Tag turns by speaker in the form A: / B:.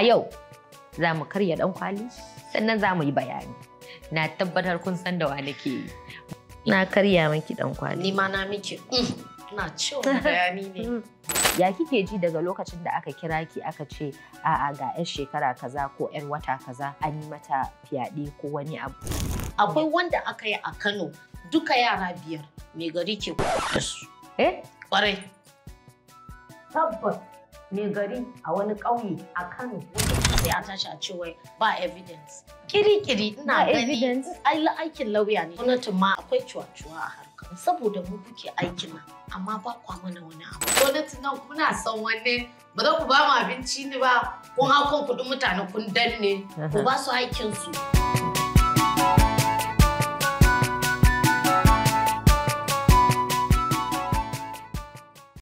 A: a yau za mu karya dan kwali sannan za mu yi bayani na tabbatar kun san da wa nake yi na karya miki dan
B: kwali ni ma na miki mm, na ciwon bayani ne mm.
C: ya kike ji daga lokacin da aka kira ki aka ce a'a ga 'yar shekara kaza ko 'yar wata kaza an yi mata fyaɗe ko wani abu akwai wanda aka yi a kano duka yara biyar
D: mai gari ke kwarai eh kwarai tabbas mai gari a wani ƙauye a Kano sai a tashi a ce wai ba evidence
E: kiri-kiri ina
B: gani aikin lauya ne gwamnatin ma akwai cuwa-cuwa a harkar saboda mu kuke aikin amma ba kwa mana wani abu gwamnatin nan kuna son wanne ba za ku ba mu abinci ne ba kun hakon kuɗin mutane kun danne ku ba su aikinsu. su